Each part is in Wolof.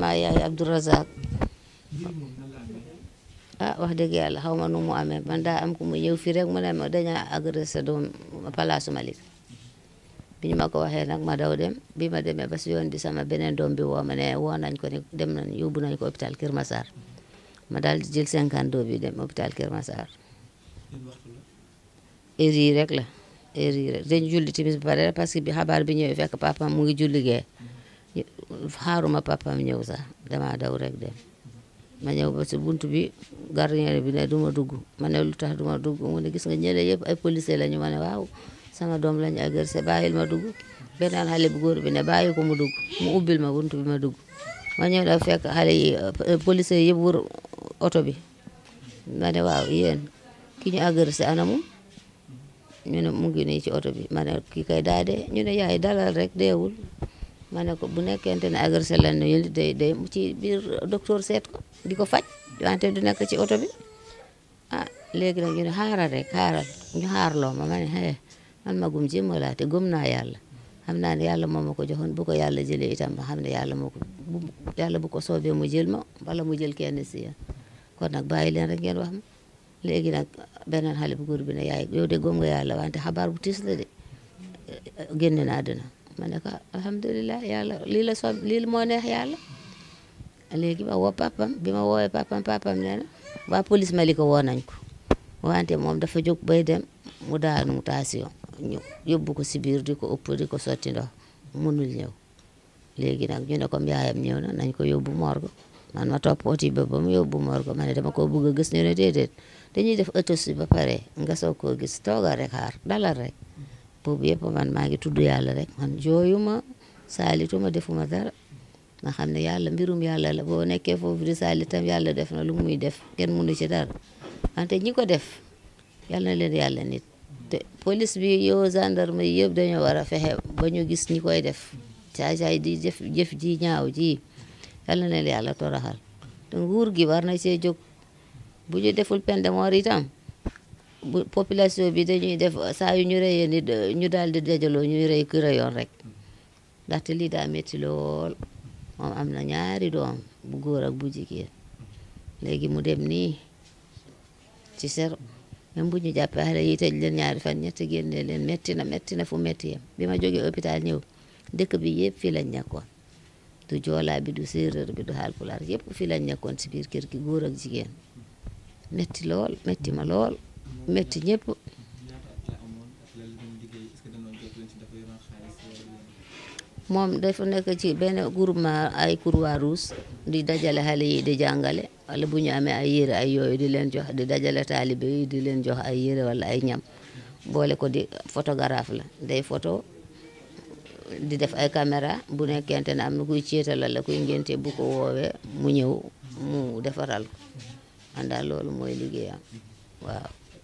maa yaay Abdou Razak ah wax dëgg yàlla xaw ma nu mu amee man daa am ku mu ñëw fii rek ma ne ma dañaa agressé doom palaasu Malick bi ñu ma ko waxee nag ma daw dem bi ma demee ba si yoon bi sama beneen doom bi woo ma ne woo nañ ko ne dem nañ yóbbu nañ ko hôpital Kër Massar ma daal di jël cinquante bi dem hôpital Kër Massar heure rek la heure yi rek dañ julli timis ba pare parce que bi xabaar bi ñëwee fekk papa mu ngi julli gee ma papaam ñëw sa dama daw rek dem ma ñëw ba si bunt bi gardien bi ne du ma dugg ma ne lu tax du ma dugg mu ne gis nga ñële yëpp ay policier lañu ma ne waaw sama doom lañu agressé bàyyil ma dugg al xale bu góor bi ne bàyyi ko mu dugg mu ubbil ma bunt bi ma dugg ma ñëw da fekk xale yi euh, policier yëpp wër oto bi ma ne waaw yéen ki ñu agressé anamu ñu ne mu ngi nii ci oto bi ma ne kii kay daa ñu ne yaay dalal rek deewul ma ne ko bu nekkente ne agressé la ñu yëndi day day mu ci biir docteur seet ko di ko faj wante du nekk ci oto bi ah léegi nag ñu ne xaaral rek xaaral ñu xaar loo ma ma ne eh man ma gum jéem a laate gëm naa yàlla xam naa ne yàlla moo ma ko joxoon bu ko yàlla jëlee itam ba xam ne yàlla moo ko bu yàlla bu ko soobee mu jël ma wala mu jël kenn si kon nag bàyyi leen rek ngeen wax ma léegi nag beneen xale bu góor bi ne yaay yow de gëm nga yàlla wante xabaar bu tiis la de eh, eh, génn na àddina ma ne ko alhamdulilah yàlla lii la soob lii moo neex yàlla léegi ma woo papam bi ma woowee papam papam nee na waa police Mali ko woo nañ ko wante moom dafa jóg bay dem mu daanu mutation ñu yóbbu ko si biir di ko ëpp di ko sotti ndox mënul ñëw léegi nag ñu ne comme yaayam ñëw na nañ ko yóbbu morgue man ma topp oti ba ba mu yóbbu morgue ma ne dama koo bëgg a gis ñu ne déedéet dañuy def autopsie ba pare nga soog koo gis toogal rek xaar rek boobu yëpp man maa ngi tudd yàlla rek man jooyuma saalituma defuma dara nga xam ne yàlla mbirum yàlla la boo nekkee foofu di saalitam yàlla def na lu muy def kenn mënu ci dara wante ñi ko def yàlla na leen yàlla nit te police bi yow gendarme yi yëpp dañoo war a fexe ba ñu gis ñi koy def caacaay di jëf jëf ji ñaaw ji yàlla na leen yàlla toraxal te nguur gi war na cee jóg deful peine de mort bu population bi dañuy def saa yu ñu reyee nit ñu daal di dajaloo ñuy rey ku reyoon rek ndaxte lii daa métti lool moom am na ñaari doom bu góor ak bu jigéen léegi mu dem nii ci ser bu ñu jàppee xale yi tëj leen ñaari fan ñetti génne leen metti na metti na fu metti yam bi ma jógee hôpital ñëw dëkk bi yëpp fii lañ nekkoon du joolaa bi du séeréer bi du haalpulaar yëpp fii lañ nekkoon si biir kër gi góor ak jigéen metti lool metti ma lool métti ñëpp moom dafa nekk ci benn groupement ay Croix-Rouge di dajale xale yi di jàngale wala bu ñu amee ay yére ay yooyu di leen jox di dajale taalibe yi di leen jox ay yére walla ay ñam boole ko di photographe la day photo di def ay caméra bu nekkente ne am na kuy céetalal la kuy ngénte bu ko woowee mu ñëw mu defaral ko man daal loolu mooy liggéeyam waaw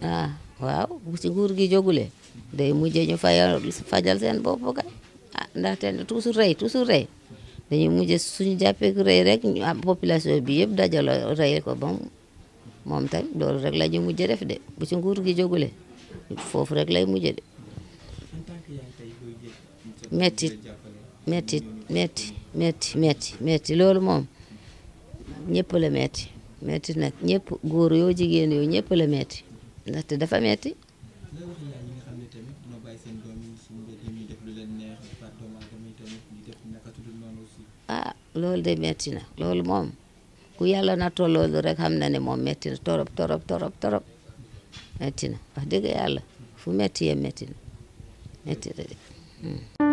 ah waaw bu ci nguur gi jógulee day mujjee ñu fayal fajal seen bopp kay ah ndaxte toujours rey toujours rey dañuy mujje suñu jàppee ku rek ñu am population bi yëpp dajaloo rey ko ba moom tam lool rek la ñu mujje def de bu ci nguur gi jógulee foofu rek lay mujje de meti metti metti metti metti loolu moom ñëpp la metti metti nag ñépp góor yoo jigéen yoo ñëpp la metti ndaxte dafa metti ah loolu de metti na loolu moom ku yàlla na tolloolu rek xam na ne moom metti na torop torop torop torop metti na wax dëgg yàlla fu metti yem metti na metti na de hmm.